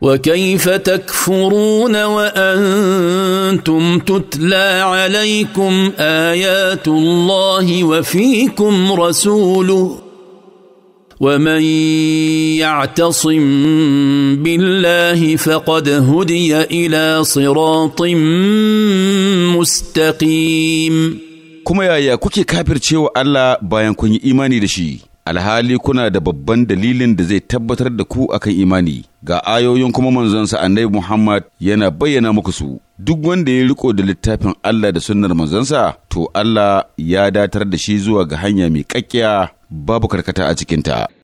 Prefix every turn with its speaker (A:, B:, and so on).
A: وكيف تكفرون وانتم تتلى عليكم ايات الله وفيكم رسوله ومن يعتصم بالله فقد هدي الى صراط
B: مستقيم kuma yaya kuke kafircewa Allah bayan kun yi imani da shi alhali kuna da babban dalilin da zai tabbatar da ku akan imani ga ayoyin kuma manzonsa annabi Muhammad yana bayyana muku su. Duk wanda ya riko da littafin Allah da sunnar manzonsa, to Allah ya datar da shi zuwa ga hanya mai kakkiya
C: babu karkata a cikinta.